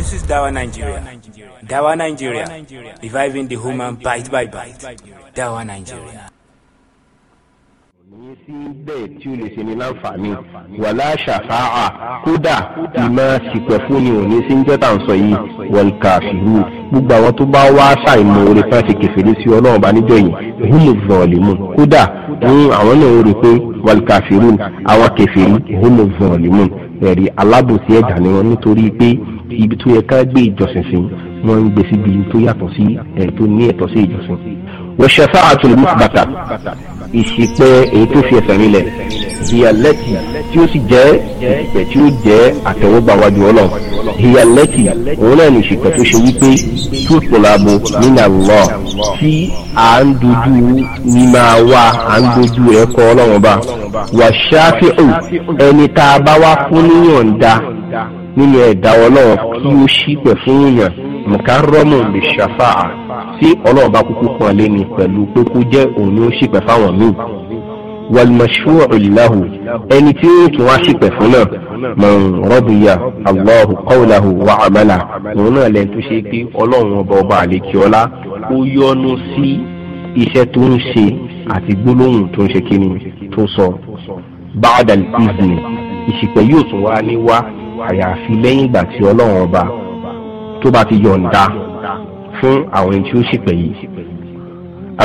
This is Dawa Nigeria. Dawa Nigeria. Reviving the human bite by bite. Dawa Nigeria. bẹ́ẹ̀ tí ó lè ṣe ní láǹfààní wàlá ṣàfáà kódà ìmọ̀ ṣìpẹ̀ fúnni òní sí ń jẹ́ta ń sọ yìí wọ̀lùkà fìlú gbogbo àwọn tó bá wá ṣàìmọ̀ orí kan kẹfìrí sí ọlọ́run bá níjọ yìí húmù zọ̀ọ̀lìmù kódà ní àwọn náà ó pé wọ̀lùkà fìlú àwọn kẹfìrí húmù zọ̀ọ̀lìmù ẹ̀rí alábòsí ẹ̀dá ni wọ́n nítorí pé ibi tó yẹ ká gbé ìjọsìn sí wọ́n ń gbé síbi tó yàtọ̀ sí ẹ̀rí ní ẹ̀tọ́ sí ìjọsìn. wọ́n ṣe fáàtúlù mú bàtà ìṣìpẹ́ èyí tó fi ẹ̀sẹ̀ nílẹ̀ hiyalẹ́tì tí ó sì jẹ́ ìṣìkẹ̀ tí ó jẹ́ àtẹ̀wọ́gbà wájú ọlọ́run hiyalẹ́tì òun náà ní ìṣìkẹ̀ tó ṣe wípé tó tòlábo nínà lọ tí à ń dojú ní máa wá à ń dojú rẹ̀ kọ́ ọlọ́run bá wà ṣáfíù ẹni tá a bá wá fún níyànda nínú ẹ̀dá ọlọ́run kí ó ṣípẹ̀ fún yàn mùkárọ́mù lè ṣàfà tí ọlọ́run bá kúkú pọ̀n lé ni pẹ̀lú pé kó jẹ́ òun ló ṣípẹ̀ fáwọn míì. والمشفوع له ẹni tí ó tún wá ṣìpẹ̀ fún náà man radiya Allahu qawlahu wa amalahu òun náà lẹ́nu tó ṣe pé ọlọ́run ọba ọba àlekíọ́lá ó yọ́nú sí iṣẹ́ tó ń ṣe àti gbólóhùn tó ń ṣe kíni tó sọ ba'da al-izni yóò tún wá ní wá àyàfi lẹ́yìn ìgbà tí ọlọ́run ọba tó bá ti yọ̀ǹda fún àwọn ẹni tí ó ṣìpẹ̀ yìí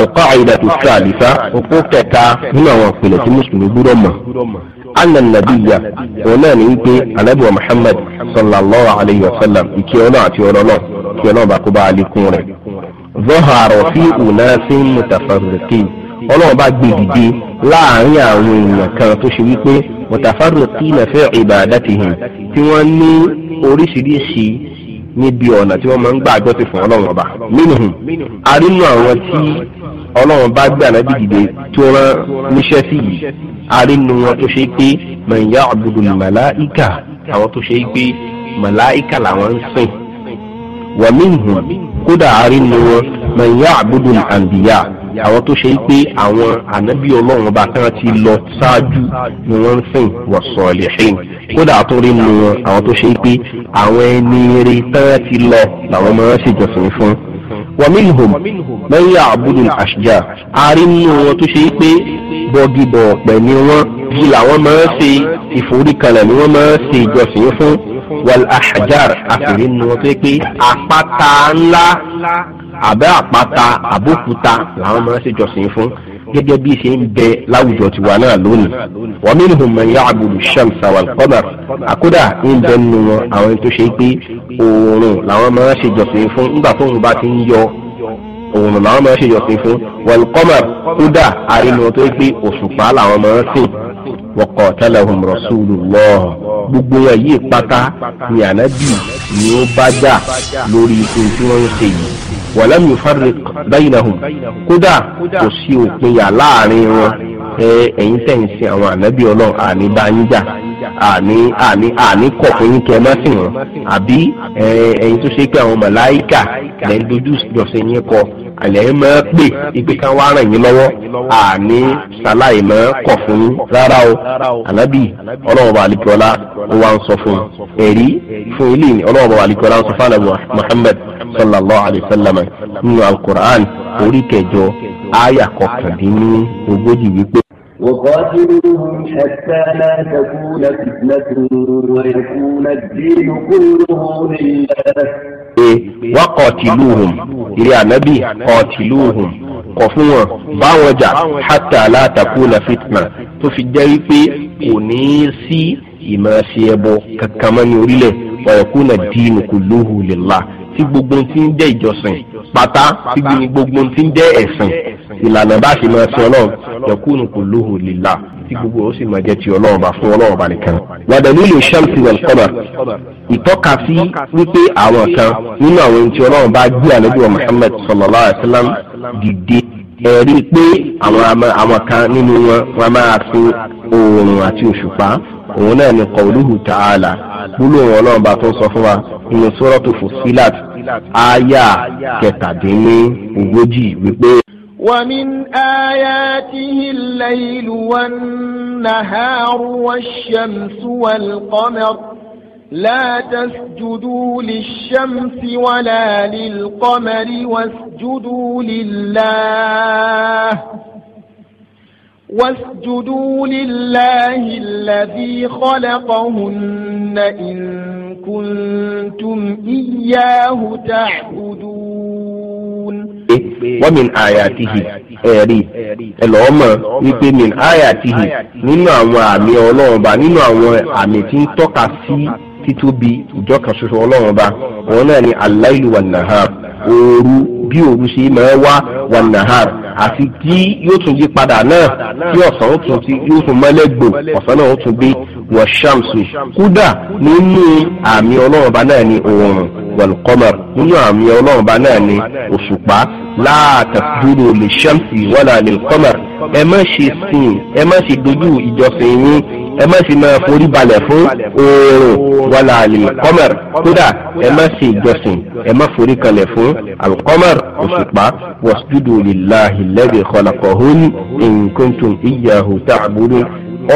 القاعدة الثالثة وقوكتا هنا وقلة المسلم برمى أن النبي ونان إنتي النبي محمد صلى الله عليه وسلم إكيونا أتيونا كيونا بقبع عليكم ظهر في أناس متفرقين ọlọ́run bá gbé dìde láàrin àwọn èèyàn kan tó ṣe wípé mutafarriqina fi ibadatihim tí wọ́n ní oríṣiríṣi níbi ọ̀nà tí wọ́n máa ń gbà àjọṣe fún ọlọ́run ọba. minhum arínú àwọn tí ọlọ́run bá gbé ànábì dìde tó rán níṣẹ́ sí yìí arínú wọn tó ṣe pé mẹ̀yà àbùdù màláìkà àwọn tó ṣe pé màláìkà làwọn ń sìn wàmíhùn kódà arínú wọn mẹ̀yà àbùdù àǹbìyà àwọn tó ṣe pé àwọn ànábì ọlọ́run bá kàn ti lọ ṣáájú ni wọ́n ń sìn wọ̀ sọ̀lẹ̀hìn kódà àtúndì nu wọn àwọn tó ṣe pé àwọn ẹni eré tán ti lọ làwọn máa ń ṣèjọsìn fún wàmíhùn mẹ́yà àbúrò àṣìjà àárínú wọn tó ṣe pé bọ́gìbọ̀ ọ̀pẹ̀ ni wọ́n bí làwọn máa ń ṣe ìforíkalẹ̀ ni wọ́n máa ń ṣe ìjọsìn fún wal ahjar àfìrínú wọn tó ṣe pé àpáta ńlá àbẹ́ àpáta àbókúta làwọn máa ń ṣe ìjọsìn fún gẹ́gẹ́ bí ṣe ń bẹ láwùjọ tiwa náà lónìí wa minhum man ya'budu shamsa wal qamar àkódà ń bẹ nínú wọn àwọn tó ṣe pé oòrùn làwọn máa ń ṣèjọsìn fún nígbà tóun bá ti ń yọ òun làwọn máa ń ṣèjọsìn fún wọlkọmọ kódà àrínú tó ń pé òṣùpá làwọn máa ń sìn wọkọ tẹlẹhùn rasulullah gbogbo wọn yìí pátá ni ànábì ni ó bá dà lórí ikú tí wọn ń ṣe yìí walam yufarriq bainahum kódà kò sí òpin yà láàrin wọn ẹ̀yin tẹ̀ ń sin àwọn ànábì ọlọ́run àní bá yín jà àní àní àní kọ̀ fún yín kẹ́ ẹ má sìn wọn àbí ẹ̀yin tó ṣe pé àwọn màláìkà lẹ́ ń dojú ìjọsìn yín kọ àlẹ́ máa pè ipe ká wá ràn yín lọ́wọ́ àní sàláì máa kọ̀ fún yín rárá o ànábì ọlọ́ọ̀bà àlìkọ́lá ó wá ń sọ fún ẹ̀rí fún ilé ọlọ́ọ̀bà àlìkọ́lá ń sọ fún àlàbù Muhammad sallallahu alayhi wa sallam nínú alukur'an orí kẹjọ àyà kọkàndínní ogójì wípé. وقاتلوهم حتى لا تكون فتنة ويكون الدين كله لله وقاتلوهم يا نبي قاتلوهم kọ̀ fún wọn báwọn jà hátà látàkùnà fitna tó fi jẹ́ wípé kò ní í sí ìmọ̀ ṣe ẹbọ kankan mọ́ ní orílẹ̀ wàyẹ̀kúnà dínú kulluhu lillah tí gbogbo ti ń jẹ́ ìjọsìn pátá tí gbogbo ti ń jẹ́ ẹ̀sìn ìlànà bá ṣe máa ti ọlọ́run yẹ̀kúnù kulluhu lillah tí gbogbo ó sì máa jẹ́ ti ọlọ́run bá fún ọlọ́run bá nìkan. wàdàlú lè ṣàmùsì wal qamar ìtọ́ka sí wípé àwọn kan nínú àwọn ohun tí ọlọ́run bá gbé ànábì wa ẹ̀rí pé àwọn kan nínú wọn wọn máa fi oòrùn àti òṣùpá òun náà ni qawluhu ta'ala gbólóhùn ọlọ́run bá tó ń sọ fún wa nínú suratu Fussilat aya kẹtàdínní ogójì wípé. ومن آياته الليل والنهار والشمس والقمر لا تسجدوا للشمس ولا للقمر واسجدوا لله واسجدوا لله الذي خلقهن إن كنتم إياه تعبدون ومن آياته ẹ̀rí ẹlọ́mọ̀ wípé min ayatihi nínú àwọn àmì ọlọ́run ba nínú àwọn àmì tí ń tọ́ka sí títóbi ìjọ ṣoṣo ọlọ́run ba òun náà ni aláìlú wà nàá ooru bí òru ṣe máa wá wan nahar àti tí yóò tún yí padà náà tí ọ̀sán ó tún ti yóò tún mọ́lẹ́gbò ọ̀sán náà ó tún gbé wọ́n ṣàmùsùn kódà nínú àmì ọlọ́run ọba náà ni òòrùn wọlùkọ́mọ̀ nínú àmì ọlọ́run ọba náà ni òṣùpá látàkùrù lè ṣàmùsì wọ́n là lè kọ́mọ̀ ẹ má ṣe sìn ẹ má ṣe dojú ìjọsìn yín ẹ má sì máa forí balẹ̀ fún oòrùn wàlà àlìkọ́mẹ̀r kódà ẹ má sì jọsìn ẹ má forí kalẹ̀ fún àlìkọ́mẹ̀r òṣùpá wasjudu lillahi alladhi khalaqahun in kuntum iyyahu ta'budun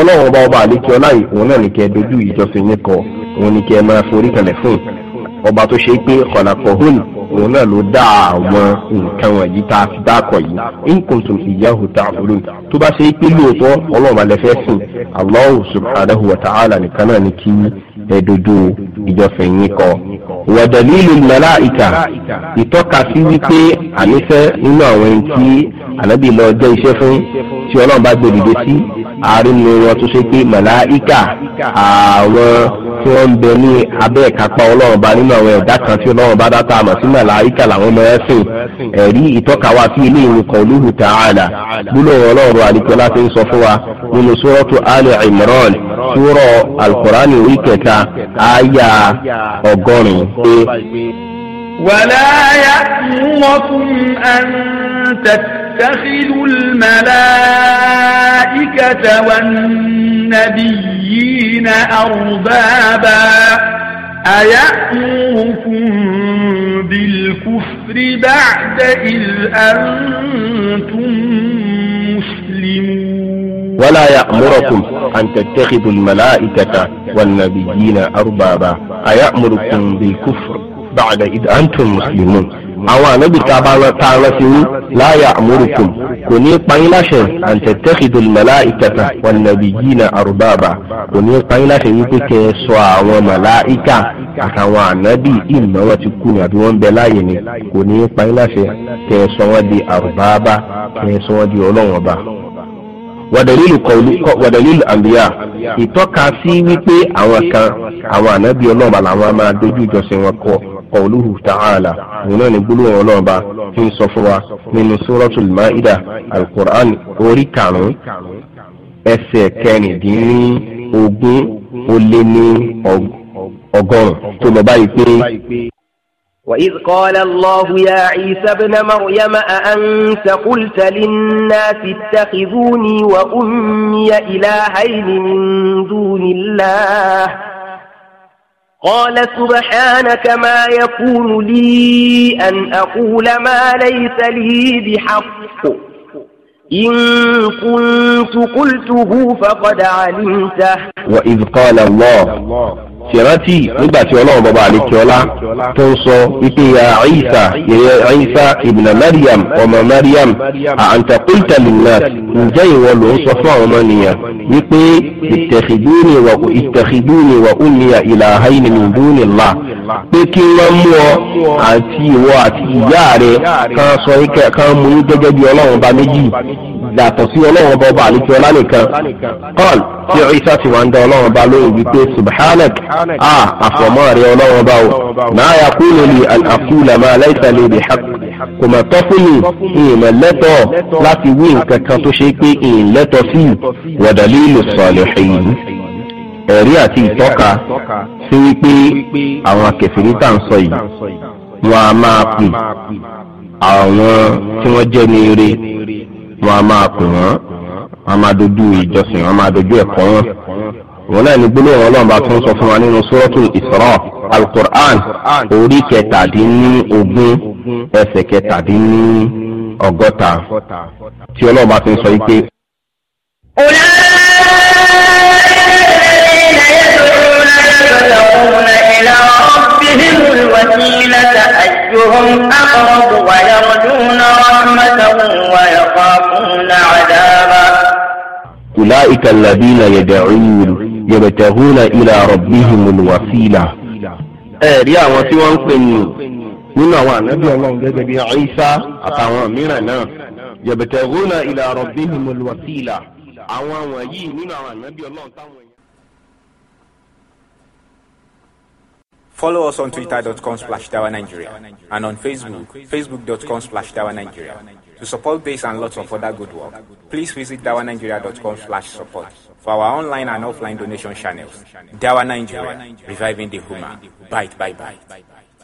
ọlọ́run ọba ọba àlékí ọláyìí òun náà ní kẹ́ dojú ìjọsìn yín kọ òun ní kẹ́ máa forí kalẹ̀ fún ọba tó ṣe pé kọ̀nàkọ̀hún òun náà ló dá àwọn nǹkan wọ̀nyí tá a fi dákọ̀ yìí nkuntun ìyáhùn tààbùrù tó bá ṣe pé lóòótọ́ ọlọ́run alẹ́ fẹ́ sìn Allahu subhanahu wa ta'ala nìkan náà ni kí ẹ dodo ìjọsìn yín kọ. wa dalilul màláìkà ìtọ́ka sí wípé ànífẹ́ nínú àwọn ẹni tí ànábì lọ jẹ́ iṣẹ́ fún tí ọlọ́run bá gbé sí àárín wọn tó ṣe pé màláìkà àwọn tí wọ́n ń bẹ ní abẹ́ ìkápá ọlọ́run ba nínú àwọn ẹ̀dá kan tí ọlọ́run bá dá tá a mọ̀ sí màláíkà làwọn ọmọ ẹ̀sìn ẹ̀rí ìtọ́ka wa sí ilé ìwé kan olúhu tààlà gbólóhùn ọlọ́run àdìpẹ́lá ti ń sọ fún wa nínú sọ́rọ́tù ali imran sọ́rọ́ alukurani orí kẹta àyà ọgọ́rin pé. wàlá mọ́tún àǹtẹ̀tẹ̀. يتخذ الملائكة والنبيين أربابا أيأمركم بالكفر بعد إذ أنتم مسلمون ولا يأمركم أن تتخذوا الملائكة والنبيين أربابا أيأمركم بالكفر بعد إذ أنتم مسلمون àwọn ànábì tá a bá rán tá a rán sí yín láàyè àmúrùkùn kò ní payín láṣẹ àǹtẹ̀tẹ́kìdùn mẹ́lá ìkẹta wọn nàbí yìí na àrùbáàbà kò ní payín láṣẹ wípé kẹ ẹ sọ àwọn mẹ́lá ìkà àtàwọn ànábì ìmọ̀ wọn ti kú ni àbí wọ́n ń bẹ láàyè ni kò ní payín láṣẹ kẹ ẹ sọ wọn di àrùbáàbà kẹ ẹ sọ wọn di ọlọ́wọ́n wàdàlílù kọ̀ọ̀lù ìtọ́ka sí wípé àwọn kan àwọn ànábì ọlọ́ọ̀bà قوله تعالى هنا نقول ولوبا في صفوة من سورة المائدة القرآن أسي كان ديني أبن أليني أغن ní ọgọ́rùn-ún وإذ قال الله يا عيسى ابن مريم أأنت قلت للناس اتخذوني وأمي إلهين من دون الله قال سبحانك ما يكون لي أن أقول ما ليس لي بحق إن كنت قلته فقد علمته وإذ قال الله ṣèrántí nígbà tí ọlọ́run bàbá àlekíọ́lá tó ń sọ wípé ya Isa ìrẹ́ Isa ibn Maryam ọmọ Maryam anta qulta linnas ǹjẹ́ ìwọ ló ń sọ fún àwọn ọmọnìyàn wípé ittakhiduni wa ittakhiduni wa ummiya ilahayni min dunillah pé kí wọ́n mú ọ àti ìwọ àti ìyá rẹ̀ kan sọ kan mú gẹ́gẹ́ bí ọlọ́run bá méjì yàtọ̀ sí ọlọ́run ọba ọba àlejò ọlá nìkan kọ́l tí ọ̀ísà ti wà ń da ọlọ́run ọba lóyún wípé subhanak a ah, àfọ̀mọ́ rẹ ọlọ́run ọba o máa yà kú lórí àkúlà máa láìsà lè bè hàk kò mà tọ́ fún mi ìmọ̀ lẹ́tọ̀ láti wí nǹkan kan tó ṣe pé ìyìn lẹ́tọ̀ sí wọ̀dàlí ìlú sọ̀lẹ̀ ẹ̀yìn ẹ̀rí àti ìtọ́ka sí wípé àwọn akẹ̀fẹ̀rí tá à ń sọ yìí wọn a máa pè àwọn tí wọ́n jẹ́ ní eré wọn a máa pè wọn a máa dojú ìjọsìn wọn a máa dojú ẹ̀kọ́ wọn wọn náà ní gbólóhùn ọlọ́run bá tún sọ fún wa nínú suratul Isra alukur'an orí kẹtàdínlógún ẹsẹ̀ kẹtàdínlọ́gọ́ta tí ọlọ́run bá tún sọ yìí pé. أولئك الذين يدعون إلى بهم الوسيلة أيهم أقرب ويرجون رحمته ويخافون عذابه أولئك الذين يدعون يبتغون إلى ربهم الوسيلة ẹ̀rí àwọn tí wọ́n ń pè ní nínú àwọn ànábì ọlọ́run gẹ́gẹ́ bíi Ìsá àtàwọn mìíràn náà yabtaguna ila rabbihimul wasila àwọn wọ̀nyí nínú àwọn ànábì ọlọ́run táwọn. Follow us on twitter.com slash Nigeria and on Facebook, facebook.com slash Nigeria. To support this and lots of other good work, please visit dawanigeria.com slash support for our online and offline donation channels. Dawa Nigeria, reviving the human. Bite, bye, bye.